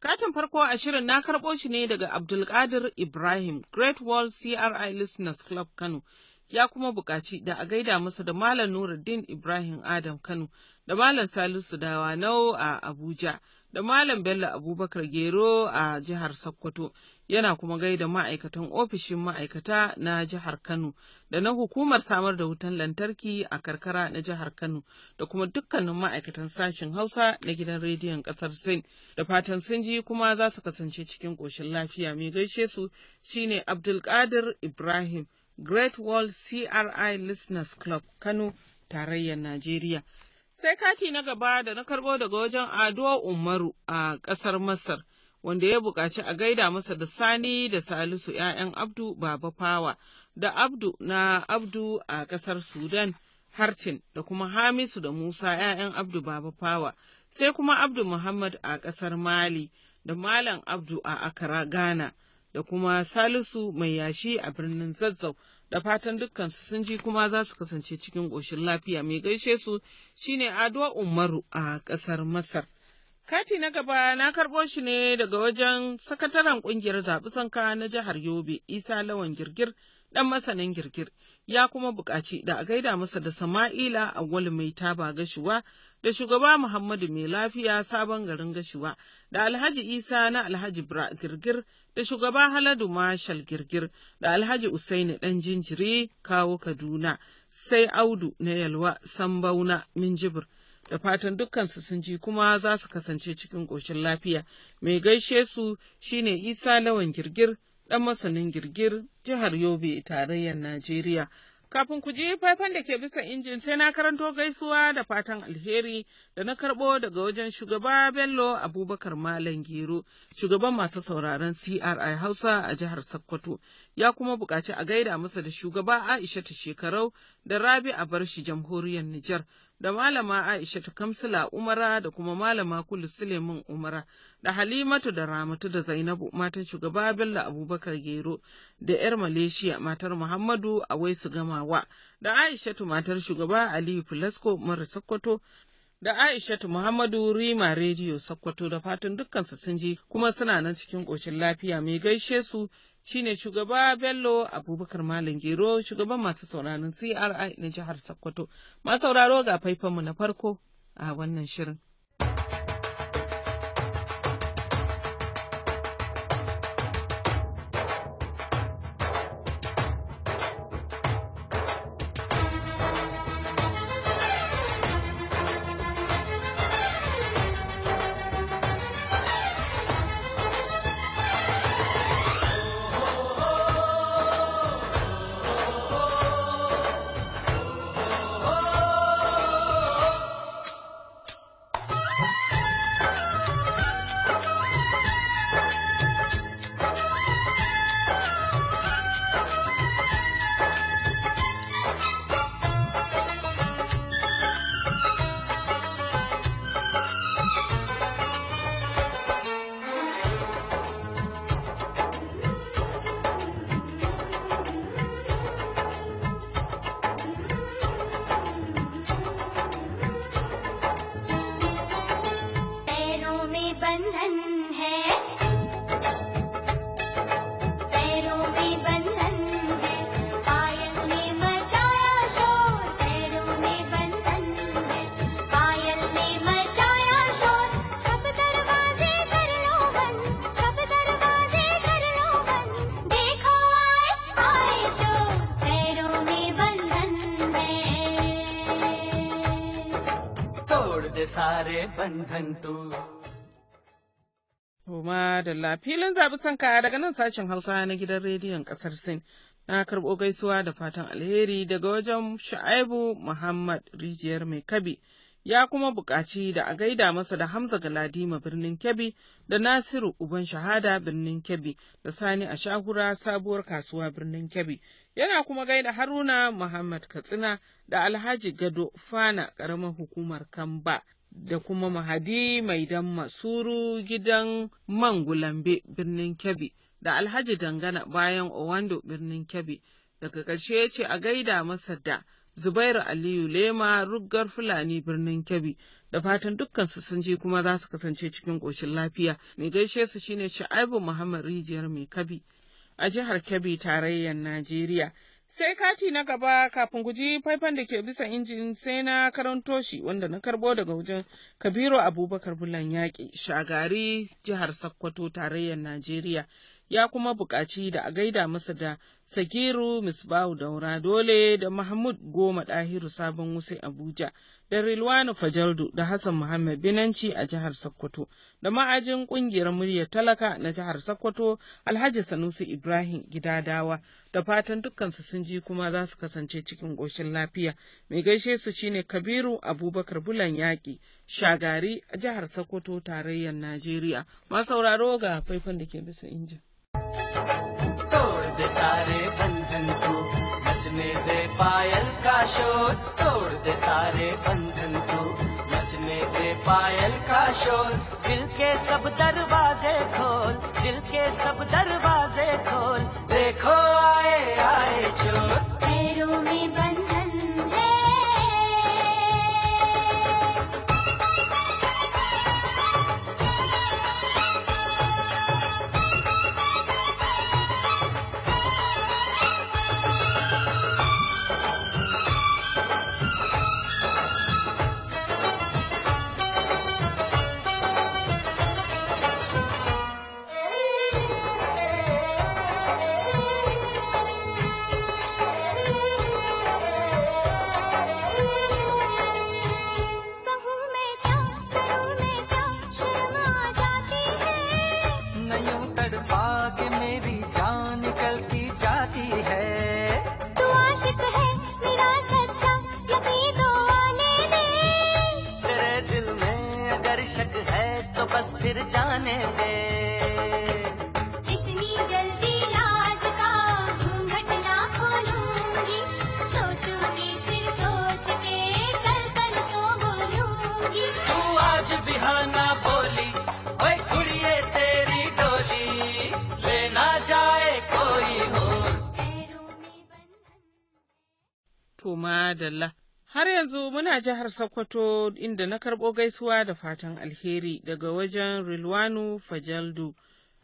Katin farko a shirin na karɓo shi ne daga Abdulkadir Ibrahim, Great Wall CRI Listeners Club Kano, ya kuma buƙaci da a gaida masa da Malam Nuruddin Ibrahim Adam Kano da Malam Salisu Dawa Nau a Abuja da Malam Bello Abubakar Gero a jihar Sokoto, yana kuma gaida ma'aikatan ofishin ma'aikata na jihar Kano da na hukumar samar da wutan lantarki a karkara na jihar Kano da kuma dukkanin ma'aikatan sashen Hausa na gidan rediyon ƙasar Sin. Da fatan sun ji kuma za su kasance cikin ƙoshin lafiya mai gaishe su shine Abdulkadir Ibrahim Great World CRI Listeners Club Kano, Tarayyar Najeriya. Sai kati na gaba da na karɓo daga wajen Ado Umaru a ƙasar Masar, wanda ya buƙaci a gaida masa da Sani da Salisu ‘ya'yan Abdu Baba Fawa da Abdu na Abdu a ƙasar Sudan Harcin da kuma Hamisu da Musa ‘ya'yan Abdu Baba Fawa, sai kuma Abdu Muhammad a ƙasar Mali da Malam Abdu a Accra Ghana. da kuma Salisu mai yashi a birnin Zazzau. Da fatan dukkansu sun ji kuma za su kasance cikin ƙoshin lafiya mai gaishe su shine Ado Umaru a ƙasar Masar. Kati na gaba na karɓo shi ne daga wajen sakataren ƙungiyar zaɓi sanka na jihar Yobe Isa Lawan Girgir ɗan masanin girgir ya kuma buƙaci da a gaida masa da Sama'ila Auwalu mai taba gashuwa da shugaba Muhammadu mai lafiya sabon garin gashuwa da Alhaji Isa na Alhaji Bra girgir da shugaba Haladu Marshal girgir da Alhaji Usaini ɗan jinjiri kawo Kaduna sai Audu na Yalwa Sambauna Minjibir. da fatan dukkansu sun ji kuma za su kasance cikin ƙoshin lafiya. Mai gaishe su shine Isa Lawan Girgir ɗan masanin girgir jihar Yobe tarayyar Najeriya. Kafin ku ji faifan da ke bisa injin sai na karanto gaisuwa da fatan alheri da na karɓo daga wajen shugaba Bello Abubakar Malam Gero, shugaban masu sauraron CRI Hausa a jihar Sokoto, ya kuma buƙaci a gaida masa da shugaba Aisha ta shekarau da Rabi a bar shi jamhuriyar Nijar da malama Aisha Kamsila Umara da kuma malama Kulu Suleiman Umara da Halimatu da Ramatu da Zainabu matan shugaba Bello Abubakar Gero da 'yar Malaysia matar Muhammadu a Awaisu Gamawa da Aishatu matar shugaba Aliyu filasko Mara Sokoto da Aishatu Muhammadu Rima Rediyo Sokoto da fatan dukkansu sun ji kuma suna nan cikin ƙoshin lafiya mai gaishe su shine shugaba Bello Abubakar Malam Gero shugaban masu sauraron CRI na jihar Sokoto. Masauraro ga faifanmu na farko a wannan shirin. bandantu. Kuma da filin zaɓi sanka daga nan sashen Hausa na gidan rediyon ƙasar Sin. Na karɓo gaisuwa da fatan alheri daga wajen Shu'aibu Muhammad Rijiyar Mai Kabi. Ya kuma buƙaci da a gaida masa da Hamza Galadima birnin Kebbi da Nasiru Uban Shahada birnin Kebbi da Sani a shahura sabuwar kasuwa birnin Kebbi. Yana kuma gaida Haruna Muhammad Katsina da Alhaji Gado Fana ƙaramar hukumar Kamba da kuma Mahadi mai dan Masuru gidan man Gulambe birnin Kebbi da Alhaji Dangana bayan Owando birnin Kebbi. Daga ƙarshe ya ce a gaida masa da Zubairu Aliyu Lema ruggar Fulani birnin Kebbi da fatan dukkansu sun je kuma za su kasance cikin ƙoshin lafiya. Mai gaishe su shine Sha'aibu Muhammad Rijiyar Mai Kebbi a jihar Kebbi tarayyar Najeriya. Sai kati na gaba kafin guji faifan da ke bisa injin sai na karanto shi wanda na karbo daga wajen Kabiru Abubakar Bulan Yaƙi, Shagari, jihar Sokoto, tarayyar Najeriya. ya kuma buƙaci da a gaida masa da Sagiru Misbahu Daura Dole da Mahmud Goma Ɗahiru Sabon Wuse Abuja da Rilwanu Fajardu da Hassan Muhammad Binanci a jihar Sokoto da ma'ajin ƙungiyar muryar talaka na jihar Sokoto Alhaji Sanusi Ibrahim Gidadawa da fatan dukkansu sun ji kuma za su kasance cikin ƙoshin lafiya. Mai gaishe su shine Kabiru Abubakar Bulan Yaƙi Shagari a jihar Sokoto tarayyar Najeriya. Masauraro ga faifan da ke bisa injin. तोड़ दे सारे बंधन को नचने दे पायल का शोर तोड़ दे सारे बंधन को नचने दे पायल का शोर दिल के सब दरवाजे खोल जाने दे Har yanzu muna jihar Sokoto inda na karɓo gaisuwa da fatan alheri daga wajen Rilwanu Fajaldu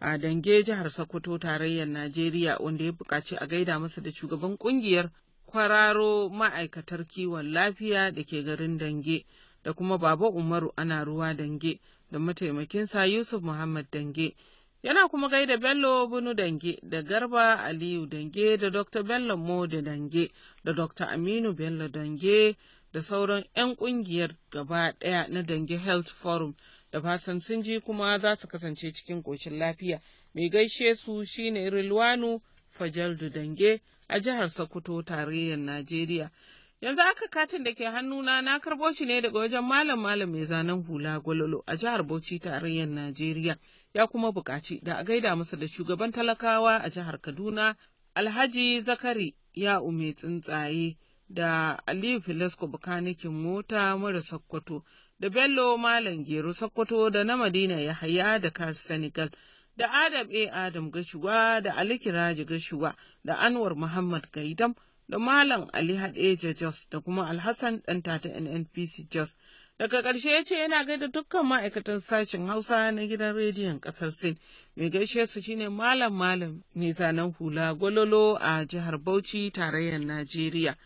a dange jihar Sokoto tarayyar Najeriya wanda ya buƙaci a gaida masa da shugaban ƙungiyar kwararo ma'aikatar kiwon lafiya da ke garin dange da kuma Baba Umaru ana ruwa dange da mataimakinsa Yusuf Muhammad dange Yana kuma gaida Bello Bunu Dange da Garba Aliyu Dange da Dr. Bello Mode Dange da Dr. Aminu Bello Dange da sauran 'yan ƙungiyar gaba ɗaya na Dange Health Forum da fasan sun ji kuma za su kasance cikin ƙoshin lafiya. Mai gaishe su shine Rilwanu Fajaldu Dange a jihar Sokoto tarayyar Najeriya. Yanzu aka katin da ke hannuna na karɓo shi ne daga wajen malam malam mai zanen hula gwalolo a jihar Bauchi tarayyar Najeriya ya kuma buƙaci da a gaida masa da shugaban talakawa a jihar Kaduna Alhaji Zakari ya ume tsuntsaye da Aliyu Filasko bukanikin mota mara Sokoto da Bello Malam Gero Sokoto da na Madina haya da Kar Senegal. da Adam A. Adam Gashuwa da Ali Kiraji Gashuwa da Anwar Muhammad Gaidam da Malam Ali Hadeja Jos da kuma Alhassan ɗanta ta NNPC Jos. Daga ƙarshe ya ce yana gaida dukkan ma'aikatan sashen Hausa na gidan rediyon ƙasar Sin. Mai gaishe su shine Malam Malam mai zanen hula gwalolo a jihar Bauchi tarayyar Najeriya.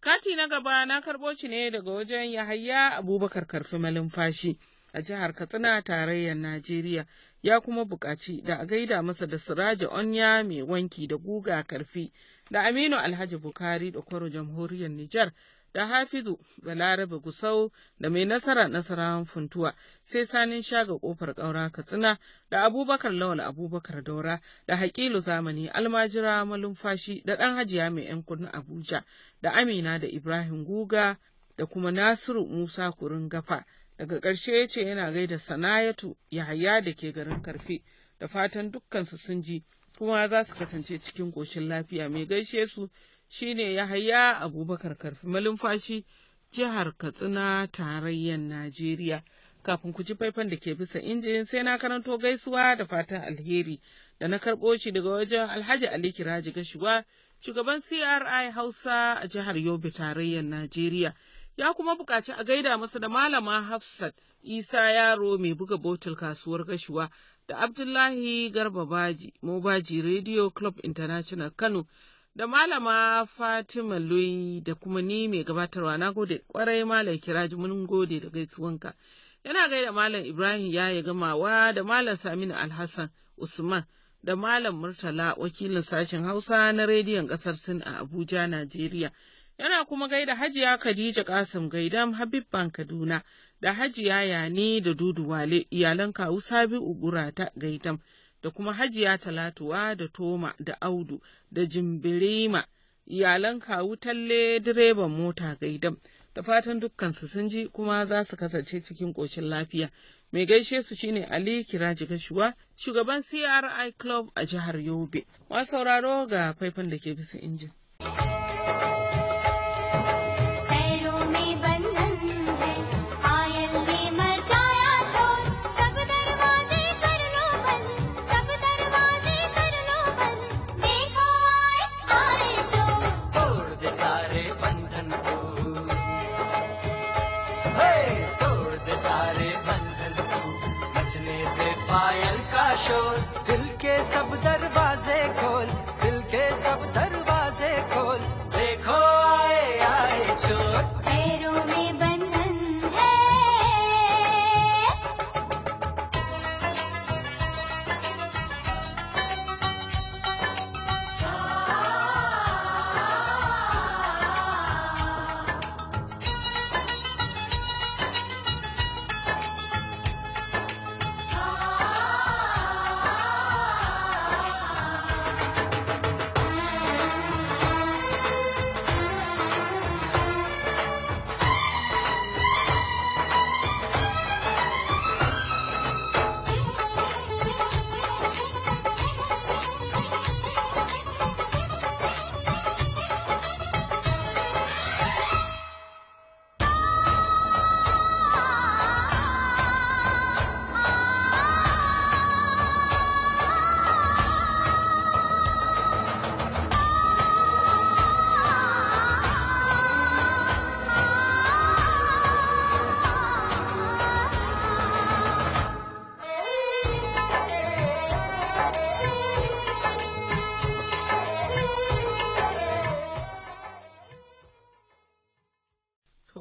Kati na gaba na karɓo shi ne daga wajen Yahaya Abubakar Karfi Malumfashi. a jihar Katsina tarayyar Najeriya ya kuma buƙaci da a gaida masa da Siraje Onya mai wanki da guga karfi da Aminu Alhaji Bukari da kwaro jamhuriyar Nijar da Hafizu Balarabe Gusau da mai nasara nasarawan funtuwa sai sanin shaga kofar ƙaura Katsina da Abubakar Lawal Abubakar Daura da Hakilu Zamani Almajira Malumfashi da ɗan hajiya mai ‘yan kudin Abuja da Amina da Ibrahim Guga da kuma Nasiru Musa Kurin Gafa Daga ƙarshe ya ce yana gaida sana'atu Yahaya da ke garin Karfe, da fatan dukkansu sun ji kuma za su kasance cikin ƙoshin lafiya mai gaishe su shine Yahaya Abubakar Karfi malumfashi jihar Katsina tarayyar Najeriya. Kafin ku ji faifan da ke bisa injin sai na karanto gaisuwa da fatan alheri da na karɓo shi daga wajen Alhaji Ali Kiraji Gashuwa, shugaban CRI Hausa a jihar Yobe tarayyar Najeriya. ya kuma buƙaci a gaida masa da malama Hafsat Isa Yaro mai buga botul kasuwar gashuwa da Abdullahi Garba Baji, Mobaji Radio Club International Kano da malama Fatima Lui da kuma ni mai gabatarwa na gode kwarai malam kiraji mun gode da gaisuwanka. Yana gaida malam Ibrahim ya yi gamawa da malam Saminu Alhassan Usman da malam Murtala wakilin sashen Hausa na rediyon ƙasar Sin a Abuja, Najeriya. yana kuma gaida Hajiya Khadija Kasim Gaidam Habibban Kaduna da Hajiya Yani da Dudu Wale iyalan kawu Sabi'u ta Gaidam da kuma Hajiya Talatuwa da Toma da Audu da Jimbirima iyalan kawu Talle direban mota Gaidam da fatan dukkansu sun ji kuma za su kasance cikin ƙoshin lafiya. Mai gaishe su shine Ali Kiraji Gashuwa, shugaban CRI Club a jihar Yobe. Masu sauraro ga faifan da ke bisa injin.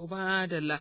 madalla.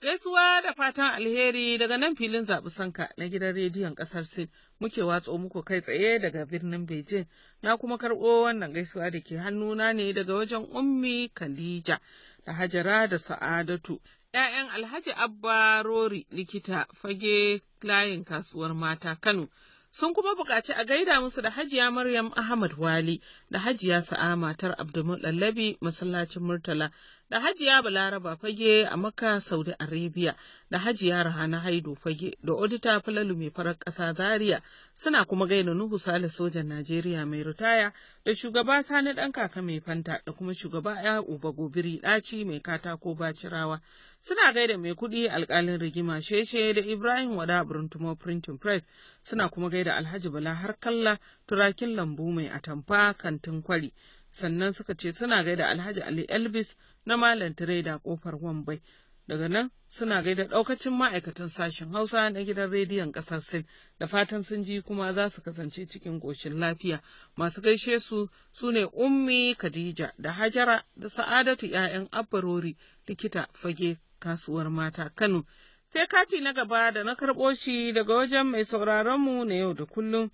Gaisuwa da fatan alheri daga nan filin zaɓi sanka na gidan rediyon ƙasar Sin muke watso muku kai tsaye daga birnin Beijing na kuma karɓo wannan gaisuwa da ke hannuna ne daga wajen Ummi Khadija da Hajara da Sa'adatu. ‘Ya'yan Alhaji Abba Rori likita fage layin kasuwar mata Kano. sun kuma buƙaci a gaida musu da Hajiya Maryam Ahmad Wali da Hajiya Sa'a matar Abdulmullabi masallacin Murtala da Hajiya Balaraba Fage a Makka Saudi Arabia da Hajiya Rahana Haidu Fage da Odita Falalu mai farar ƙasa Zaria suna kuma gaida Nuhu Sale sojan Najeriya mai ritaya da shugaba Sani ɗan kaka mai fanta da kuma shugaba ya Uba Gobiri ɗaci mai katako bacirawa suna gaida mai kuɗi alkalin rigima sheshe da Ibrahim Wada Burntumo Printing Press suna kuma gaida Alhaji Bala har kalla turakin lambu mai atamfa kantin kwari. Sannan suka ce suna gaida Alhaji Ali Elvis na Malam Tireda kofar Wambai. Daga nan suna gaida ɗaukacin ma'aikatan sashen Hausa na gidan rediyon ƙasar Sin da fatan sun ji kuma za su kasance cikin ƙoshin lafiya. Masu gaishe su su ne Ummi Khadija da Hajara da Sa'adatu 'ya'yan Abbarori likita fage kasuwar mata Kano. Sai kati na gaba da na karɓo shi daga wajen mai sauraronmu na yau da kullum,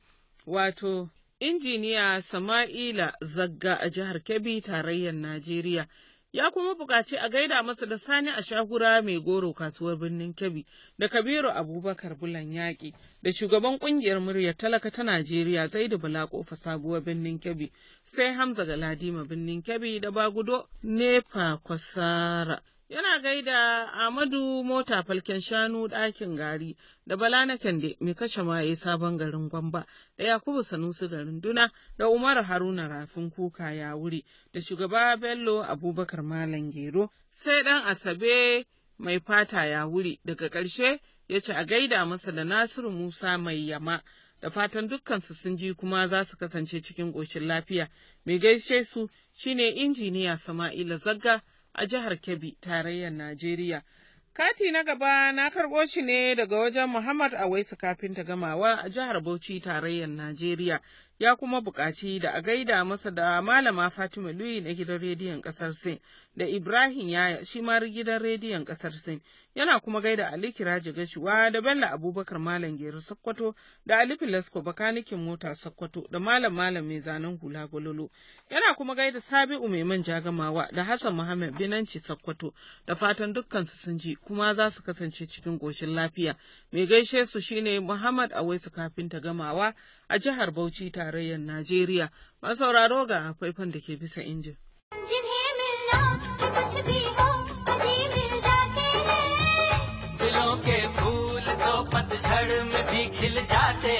wato injiniya Sama'ila Zagga a jihar Kebbi tarayyar Najeriya. Ya kuma buƙaci a gaida masa da Sani a shahura mai goro kasuwar birnin Kebbi da Kabiru Abubakar Bulan Yaƙi da shugaban ƙungiyar muryar talaka ta Najeriya Zaidu Bala ƙofa sabuwar birnin Kebbi sai Hamza Galadima birnin Kebbi da Bagudo Nefa Kwasara yana gaida Amadu mota falken shanu ɗakin gari da Bala na Kande mai kashe maye sabon garin Gwamba da Yakubu Sanusi garin Duna da Umar Haruna Rafin Kuka ya wuri da shugaba Bello Abubakar Malam Gero sai ɗan Asabe mai fata ya wuri daga ƙarshe ya ce a gaida masa da Nasiru Musa mai yama. da fatan dukkansu sun ji kuma za su kasance cikin ƙoshin lafiya. Mai gaishe su shine injiniya Sama'ila Zagga a jihar Kebbi, tarayyar Najeriya. Kati na gaba na karɓo shi ne daga wajen Muhammad Awaisu kafin ta gamawa a jihar Bauchi tarayyar Najeriya ya kuma buƙaci da a gaida masa da Malama Fatima Luyi na gidan rediyon ƙasar Sin da Ibrahim ya shi ma gidan rediyon ƙasar Sin yana kuma gaida Ali Kiraji Gashuwa da Bello Abubakar Malam Gero Sokoto da Ali Filasko Bakanikin Mota Sokoto da Malam Malam Mai Zanen Hula Gololo yana kuma gaida Sabi'u Mai Jagamawa da Hassan Muhammad Binanci Sokoto da fatan dukkan su sun ji kuma za su kasance cikin ƙoshin lafiya mai gaishe su shine Muhammad Awaisu Kafinta Gamawa a jihar Bauchi tare tarayyar Najeriya. Ba sauraro ga faifan da ke bisa injin. जाते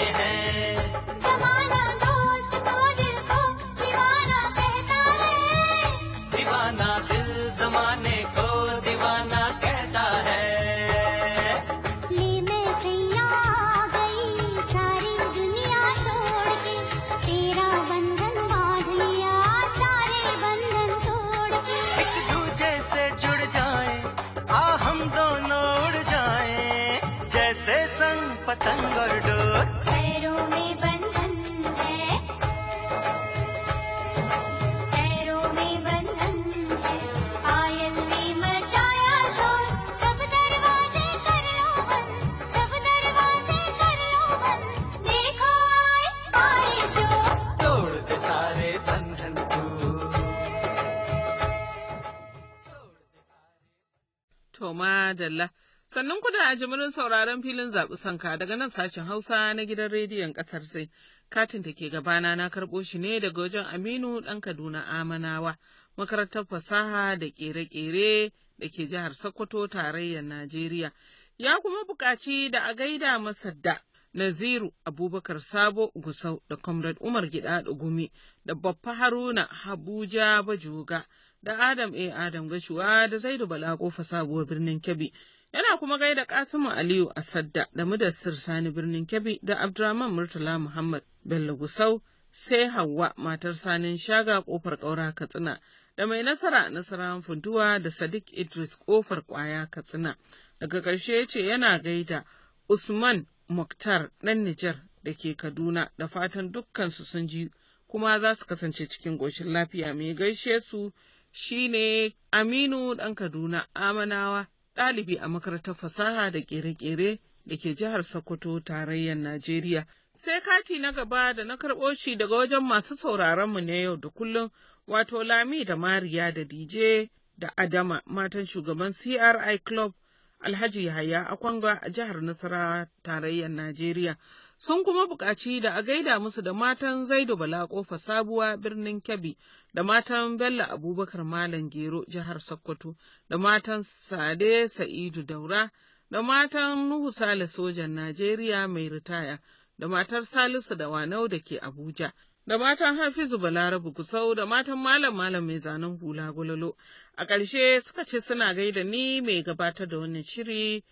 a jimirin sauraron filin zaɓi sanka daga nan sashen Hausa na gidan rediyon ƙasar sai. Katin da ke gabana na karɓo shi ne daga wajen Aminu ɗan Kaduna Amanawa, makarantar fasaha da ƙere-ƙere da ke jihar Sokoto tarayyar Najeriya. Ya kuma buƙaci da a gaida masa da Naziru Abubakar Sabo Gusau da Comrade Umar Gida Gumi da Baffa Haruna Habuja Bajoga da Adam A. Adam Gashuwa da Zaidu Bala Kofa Sabuwar Birnin Kebbi. Yana kuma gaida Kasimu Aliyu a Sadda da Mudassir Sani birnin Kebbi da Abdurrahman Murtala Muhammad Bello Gusau sai Hauwa matar Sanin Shaga kofar ƙaura Katsina da mai nasara nasarawan funtuwa da Sadiq Idris kofar ƙwaya Katsina. Daga karshe ya ce yana gaida Usman Muktar ɗan Nijar da ke Kaduna da fatan dukkansu sun ji kuma za su kasance cikin goshin lafiya mai gaishe su shine Aminu ɗan Kaduna Amanawa ɗalibi a makarantar fasaha da ƙere-ƙere da ke jihar Sokoto tarayyar Najeriya. Sai kati na gaba da na karɓo shi daga wajen masu sauraronmu na yau da kullum wato Lami da Mariya da DJ da Adama matan shugaban CRI Club Alhaji Yahaya Akwanga a jihar Nasarawa tarayyar Najeriya. sun kuma buƙaci da a gaida musu da matan Zaidu Bala ƙofa sabuwa birnin Kebbi da matan Bello Abubakar Malam Gero jihar Sokoto da matan Sade Sa'idu Daura da matan Nuhu Sale sojan Najeriya mai ritaya da matar Salisu da Wanau da ke Abuja. da matan Hafizu Balarabu Kusau da matan Malam Malam mai zanen hula gulalo, A ƙarshe suka ce suna gaida ni mai gabatar da wannan shiri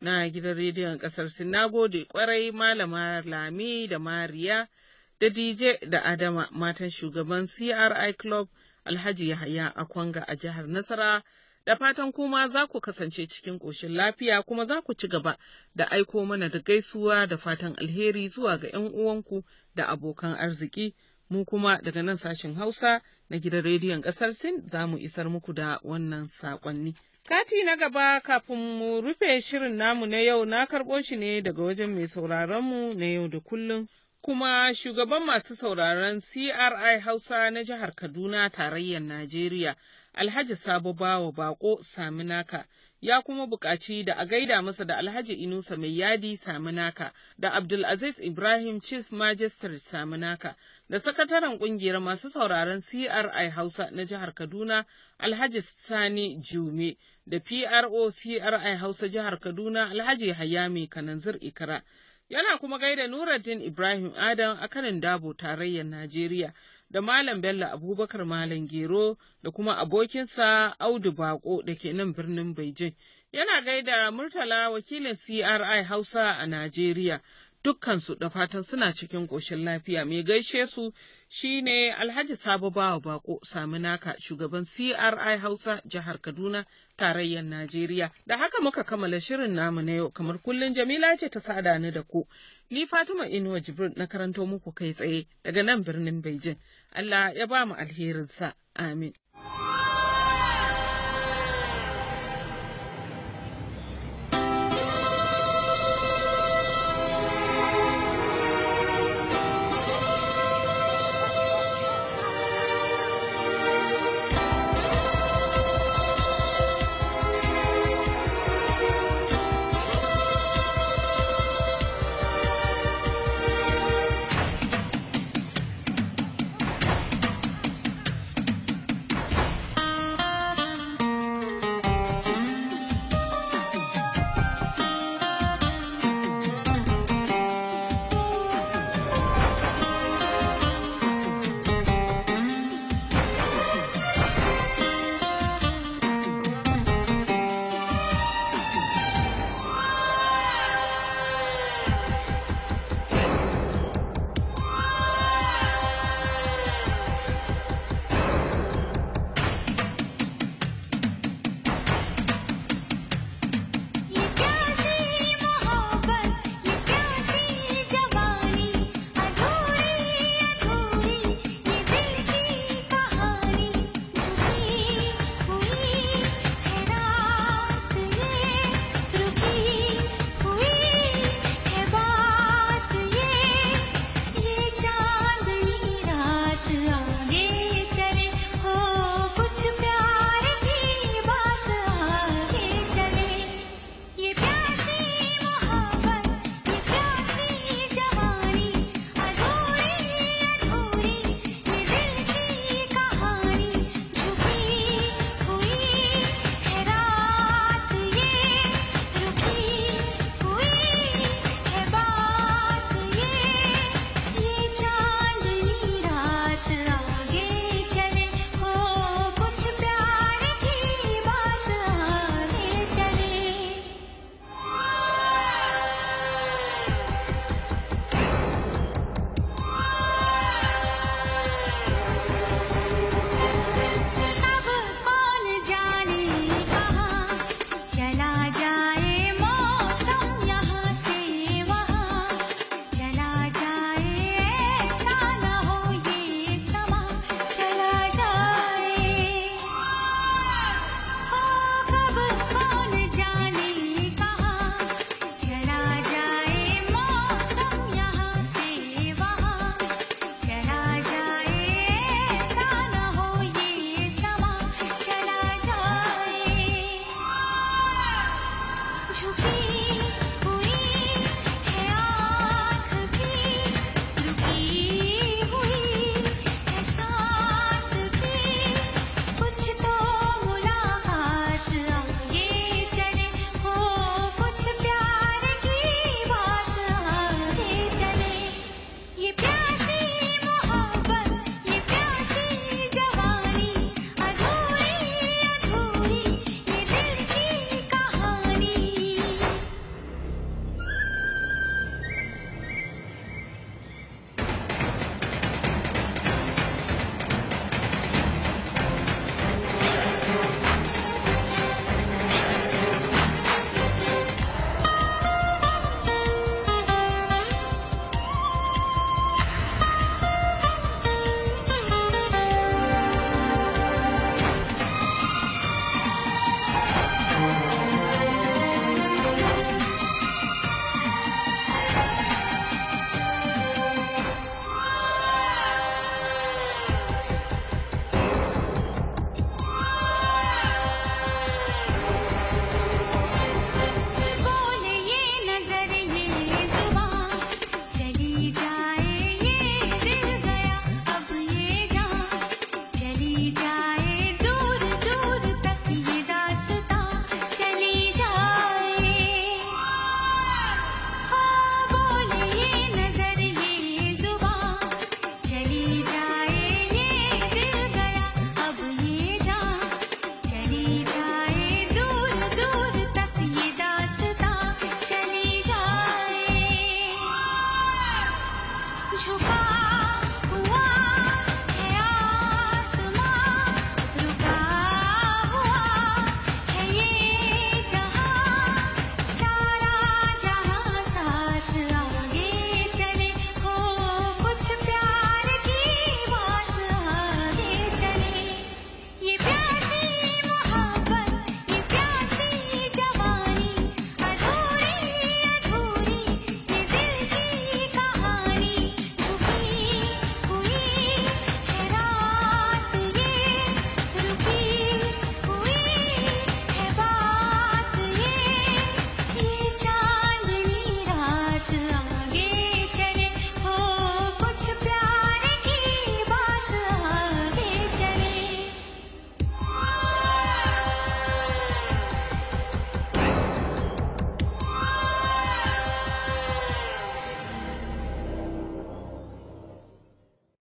na gidan rediyon ƙasar Sin. Na gode ƙwarai Malama Lami da Mariya da DJ da Adama matan shugaban CRI Club Alhaji Yahaya a kwanga a jihar Nasara. Da fatan kuma za ku kasance cikin ƙoshin lafiya kuma za ku ci gaba da aiko mana da gaisuwa da fatan alheri zuwa ga 'yan uwanku da abokan arziki. Mu kuma daga nan sashen Hausa na gidan rediyon ƙasar Sin za mu isar muku da wannan saƙonni. Kati na gaba kafin mu rufe shirin namu na yau na karɓo shi ne daga wajen mai mu na yau da kullum. Kuma shugaban masu sauraron CRI Hausa na jihar Kaduna tarayyar Najeriya, Alhaji Sabo Bawa Bako Saminaka ya kuma buƙaci da a gaida masa da Alhaji Inusa Mai Yadi Saminaka da Abdulaziz Ibrahim Chief Magistrate Saminaka da sakataren ƙungiyar masu sauraron CRI Hausa na jihar Kaduna Alhaji Sani Jume da PRO CRI Hausa jihar Kaduna Alhaji Hayami Kananzir Ikra. Yana kuma gaida Nuruddin Ibrahim Adam a kanin Dabo tarayyar Najeriya. da Malam Bello Abubakar Malam Gero da kuma abokinsa Audu Bako da ke nan birnin Beijing. Yana gaida Murtala wakilin CRI Hausa a Najeriya dukkansu da fatan suna cikin ƙoshin lafiya mai gaishe su shine Alhaji Sabo Bawa Bako Saminaka shugaban CRI Hausa jihar Kaduna tarayyar Najeriya. Da haka muka kammala shirin namu na yau kamar kullum Jamila ce ta sada ni da ku. Ni Fatima Inuwa Jibril na karanto muku kai tsaye daga nan birnin Beijing. Allah ya ba mu alherinsa. Amin.